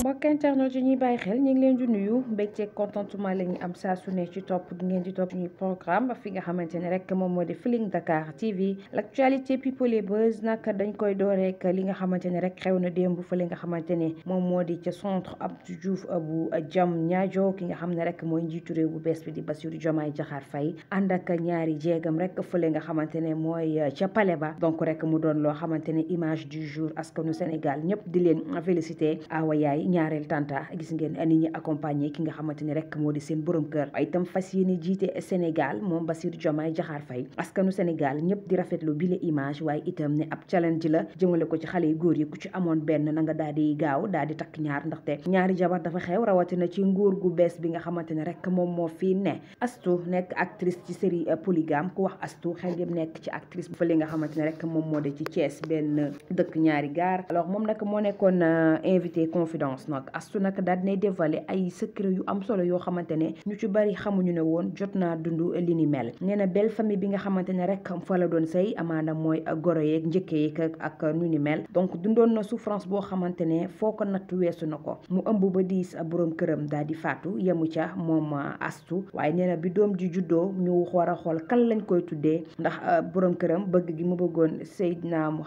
mbokk internet yi ñuy bàyyi xel ñu ngi leen di nuyu mbégteeg contentement la am saa su ne ci topp gi ngeen di topp ñuy programme fi nga xamante ne rek moom moo di Feeling Dakar TV l' actualité people et buzz nag dañ koy dooreek li nga xamante ne rek xew na démb fële nga xamante ne moom moo di ca centre Abdou Diouf bu jam ñaajo ki nga xam ne rek mooy njiitu réew bu bees bi di Bassirou Diomaye Diakhar fay ànd ak ñaari jéegam rek fële nga xamante ne mooy ca pale ba donc rek mu doon loo xamante ne image du jour askanu Sénégal ñëpp di leen félicité awa yaay ñaareel tanta gis ngeen ni ñi accompagner ki nga xamante ni rek moo di seen borom kër waaye itam fas yéene jiite Sénégal moom Bassirou Diomaye Diakhar Faye askanu Sénégal ñëpp di rafetlu bile image waaye itam ne ab challenge la jëmale ko ci xale yu góor yi ku ci amoon benn na daal di gaaw daal di ñaar ndaxte ñaari jabar dafa xew rawatina ci nguur gu bees bi nga xamante ne rek moom moo fii ne Astou nekk actrice ci série euh, polygame ku wax Astou xel yëpp nekk ci actrice bu fa li nga xamante ne rek moom moo de ci Thiès benn dëkk ñaari gaar alors moom nag moo nekkoon euh, invité confidence conférence nag astu nag daal dinay dévoiler ay secret yu am solo yoo xamante ne ñu ci bari xamuñu ne woon jot naa dund li mel nee na belle famille bi nga xamante ne rek fa la doon say amaana mooy goro yeeg njëkke yeeg ak ñu ni mel donc dundoon na souffrance boo xamante ne foo ko natt weesu na ko mu ëmb ba diis boroom këram daal di faatu yemu ca moom astu waaye nee bi doom ji juddoo ñu war a xool kan lañ koy tuddee ndax euh, boroom këram bëgg gi mu bëggoon Seydina naa mu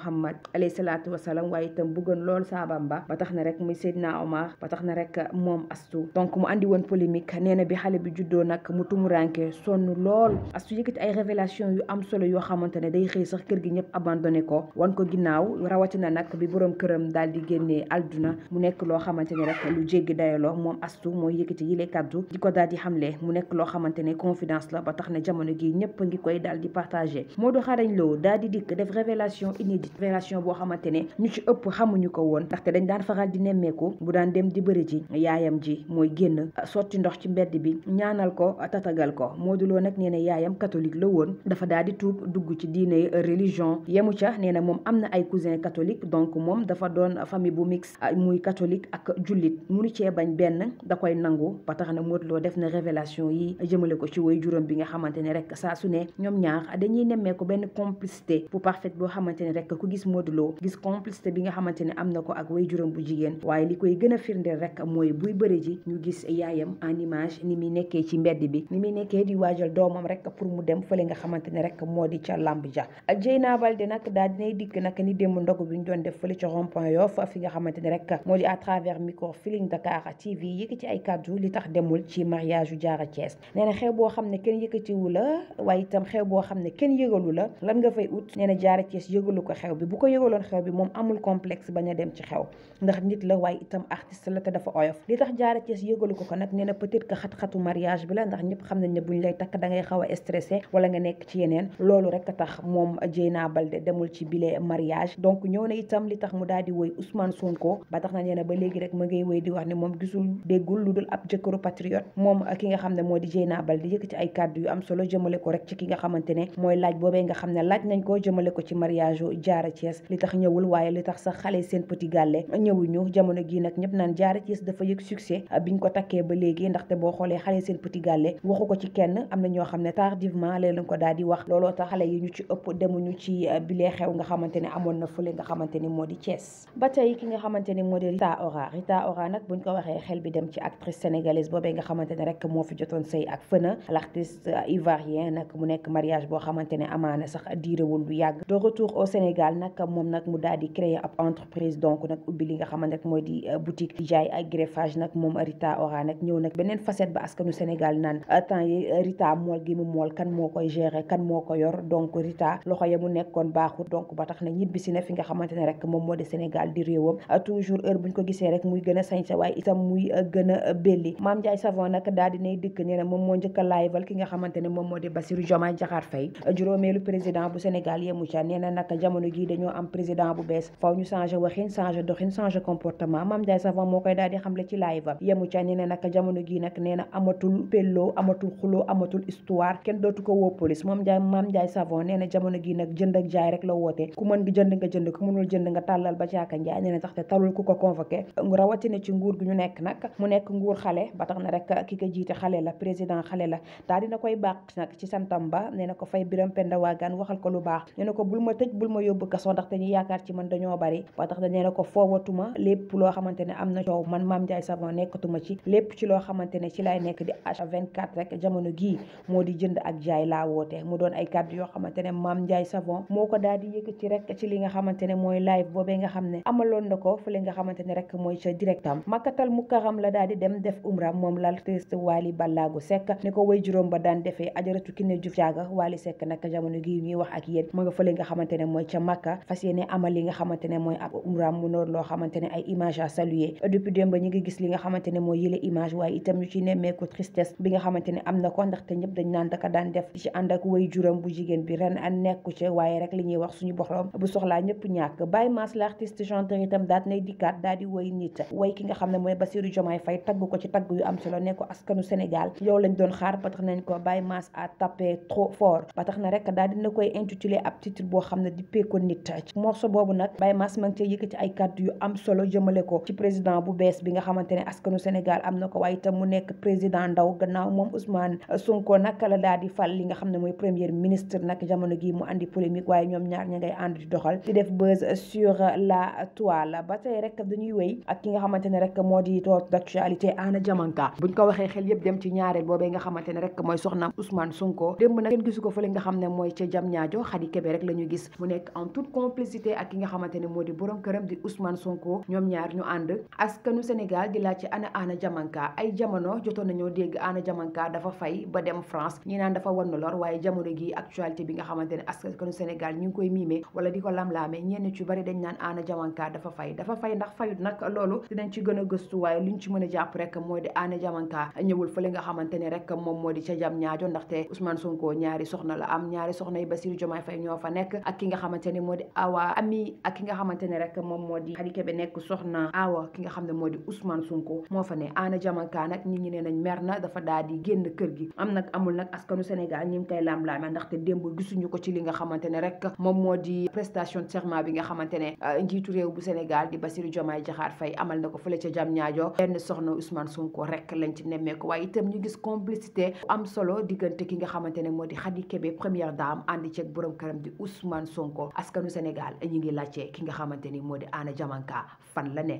salaatu wasalaam waaye itam bëggoon lool saabam ba Omar ba tax na rek moom Astou donc mu andi woon polémique nee na bi xale bi juddoo nag mu tumuranke sonn lool Astou yëkkati ay révélation yu am solo yoo xamante day xëy sax kër gi ñëpp abandonné ko wan ko ginnaaw rawatina nag bi borom këram daal di génnee alduna mu nekk loo xamante ne rek lu jéggi dayaloo moom Astou mooy yëkkati yile kaddu di ko daal xamle mu nekk loo xamante confidence la ba tax na jamono gi ñëpp ngi koy daal di moo do xarañ loo daal di dikk def révélation inédite révélation boo xamante ne ñu ci ëpp xamuñu ko woon ndaxte dañ daan faral di daan dem di bëri ji yaayam ji mooy génn sotti ndox ci mbedd bi ñaanal ko tatagal ko Modou Lo nag nee na yaayam catholique la woon dafa daal di tuub dugg ci diine religion yemu ca nee na moom am na ay cousin catholique donc moom dafa doon famille bu mix ah, muy catholique ak jullit munu cee bañ benn da koy nangu ba tax na Modou def na révélation yi jëmale ko ci woy juróom bi nga xamante ne rek saa su ne ñoom ñaar dañuy nemmee ko benn complicité bu parfaite boo xamante ne rek ku gis Modou gis complicité bi nga xamante ne am na ko ak woy juróom bu jigéen koy gën a rek mooy buy bëri ji ñu gis yaayam en ni muy nekkee ci mbedd bi ni muy nekkee di waajal doomam rek pour mu dem fële nga xamante ne rek moo di ca làmb ja Dieyna Baldé nag daal dinay dikk nag ni démb ndog bi ñu doon def fële ca rond-point Yoff fi nga xamante ne rek moo di à travers micro Feeling Dakar TV yëkk ci ay kàddu li tax demul ci mariage yu Diarra Thiès nee na xew boo xam ne kenn yëkkatiwu la waaye itam xew boo xam ne kenn yëgalu la lan nga fay ut nee jaara Diarra Thiès yëgalu ko xew bi bu ko yëgaloon xew bi moom amul complexe bañ a dem ci xew ndax nit la waaye itam itam artiste la te dafa oyof li tax Diarra Thies yëgalu ko ko nag nee na peut xat-xatu mariage bi la ndax ñëpp xam ne buñ lay a stressé wala nga nekk a tax moom Dieyna Baldé demul ci bile na itam tax mu daal di woy Ousmane ko ba tax na nee na ba léegi rek ma ngay woy di wax ne moom gisul déggul lu dul ab jëkkëru patriote moom ki nga xam ne moo di Dieyna Baldé yëkkati ay kàddu yu am solo jëmale ko rek ci ki nga xamante ne mooy laaj boobee nga xam ne laaj nañ ko jëmale ko ci mariage Diarra Thies li tax ñëwul waaye li tax sax xale seen petit gàlle ñëwuñu jamono gi nag nag ñëpp naan Diarra Thies dafa yëg succès biñ ko takkee ba léegi ndaxte boo xoolee xale seen petit waxu ko ci kenn am na ñoo xam ne tardivement leen ko daal di wax looloo tax xale yi ñu ci ëpp demuñu ci euh, bilee xew nga xamante ne amoon ni moo di Thiès ba tey ki nga xamante ni moo di Rita Ora Rita Ora nag buñ ko bi dem ci actrice sénégalaise boobee nga xamante ne rek moo fi jotoon sëy ak fëna l'artiste euh, ivoirien nag mu nekk mariage boo xamante ne amaana sax diirewul lu yàgg de retour au Sénégal nag moom nag mu daal di créer ab entreprise donc nag ubbi li nga xamante ne mooy di euh, boutique di jaay ay greffage nag moom Rita Ora nag ñëw nag beneen facette ba askanu Sénégal naan ah, temps yi eh, Rita mool gi mu mool kan moo koy gérer kan moo ko yor donc Rita loxo ya nekkoon baaxul donc ba tax na ñibbisi na fi nga xamante ne rek moom moo di Sénégal di réewam ah, toujours heure buñ ko gisee rek muy gën a sañse waaye itam muy eh, gën a eh, belli Mame Savon nag daal dinay dikk nee na moom moo njëkk a laayval ki nga xamante ne moom moo di Bassirou Diomaye Diakhar Faye ah, juróomeelu président bu Sénégal yemu ca nee na nag Abdoulaye Savon moo koy daal di xamle ci live am yemu ca ni ne nag jamono gi nag nee na amatul pelloo amatul xuloo amatul histoire kenn dootu ko woo police moom Ndiaye maam Ndiaye Savon nee jamono gi nag jënd ak jaay rek la woote ku mën gi jënd nga jënd ku mënul jënd nga tàllal ba caaka njaay nee na sax ku ko convoqué rawatina ci nguur gu ñu nekk nag mu nekk nguur xale ba tax na rek ki ko jiite xale la président xale la daal dina koy baax nag ci santam ba nee na ko fay biram penda waagaan waxal ko lu baax ba tax na nee na ko foowatuma xamante ne am na coow man Mame Ndiaye Savon nekkatuma ci lépp ci loo xamante rek jamono gii moo di jënd ak jaay laa woote mu doon ay kàddu yoo xamante ne Mame Savon moo ko daal di yëkkati ci li nga xamante mooy ca directam makkatal mukaram la daal di dem def umra moom l'artiste Wally Ballago Seck ni ko way juróom ba daan defee ajaratu Kiné Diouf Diaga Wally Seck nag jamono gii ñuy wax ak yéen ma fële nga xamante mooy ca Makka fas yéene amal li nga xamante évaluer depuis démb ñu ngi gis li nga xamante mooy yële image waaye itam ñu ci nemmeeku tristesse bi nga xamante am na ko ndaxte ñëpp dañ daan def ci ànd ak way juróom bu jigéen bi ren an nekku ci waaye rek li ñuy wax suñu borom bu soxlaa ñëpp ñàkk Baye Mass l'artiste chanteur itam daat nay dikkaat daal di woy nit way ki nga xam ne mooy Bassirou Diomaye Faye tagg ko ci tagg yu am solo ne askanu Sénégal yow lañ doon xaar ba tax nañ ko Baye Mass a tapé président bu bees bi nga xamante ne askanu Sénégal am na ko waaye itam mu nekk président ndaw gannaaw moom Ousmane Sonko la daal di fal li nga xam ne mooy premier ministre nag jamono gi mu andi polémique waaye ñoom ñaar ña ngay ànd di doxal di def buzz sur la ba tey rek dañuy wéy ak ki nga xamante ne rek moo di toog d'actualité Anna Diamanka buñ ko waxee xel yëpp dem ci ñaareel boobee nga xamante ne rek mooy soxnaam Ousmane Sonko démb nag kenn gisu ko fële nga xam ne mooy ca jam ñaajo Khady Kébé rek la ñu gis mu nekk en toute complicité ak ki nga xamante ne moo di borom këram di Ousmane Sonko ñoom ñaar ñu ànd ànd askanu Sénégal di laaj ci ana Anna Diamanka dafa fay ba dem France ñi naan dafa wann lor waaye jamono gi actualité bi nga xamante ne askanu Sénégal ñu koy miime wala di ko lamlaame ñenn ci bari dañ naan Anna Diamanka dafa fay dafa fay ndax fayut nag loolu dinañ ci gën a gëstu waaye luñ ci mën a jàpp rek moom moo di ca jam ñaajo ndaxte Ousmane Sonko ñaari soxna la am ñaari soxna yi Bassirou Diomaye ñoo fa nekk ak ki nga xamante moo di Awa daawa ki nga xam ne moo di usman Sonko moo fa ne Anna Diamanka nag nit ñi ne nañ mer na dafa daal di génn kër gi am nag amul nag askanu Sénégal ñi ngi koy laam-laame ndaxte démb gisuñu ko ci li nga xamante ne rek moom moo di prestation de bi nga xamante ne euh, njiitu réew bu Sénégal di Bassirou Diomaye Diakhar Faye amal na ko fële ca Diamniadio benn soxna Ousmane Sonko rek lañ ci nemmeeku waaye itam ñu gis complicité am solo diggante ki nga xamante ne moo di Khady Kébé première dame ànd ceeg borom këram di Ousmane Sonko askanu Sénégal ñi ngi laajte ki nga xamante ni moo di Anna jamankaa fan la ne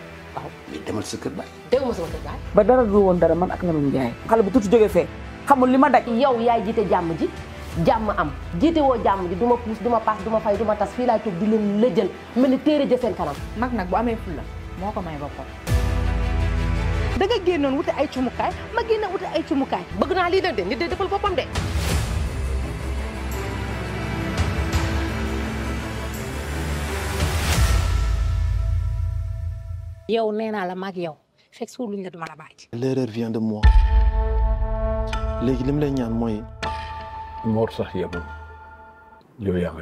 waaw mais demal sa kër baay. ba dara du woon dara man ak Lamine Ndiaye. xale bu tuuti jógee fee xamul li ma daj. yow yaay jiite jàmm ji jàmm am jiite woo jàmm ji du ma puus du ma paas du ma fay du tas fii laay toog di leen lëjël mel ni téere ja kanam. mag nag bu amee fulla moo ko may boppam. da nga génnoon wuti ay cumukaay ma génne wuti ay cumukaay. bëgg naa lii leen de nit de defal boppam de. yow nee naa la maag yow fekk su ñu la duma la bàyyi. l'erreur vient de moi léegi lay ñaan mooy. Mor sax yemul yaa nga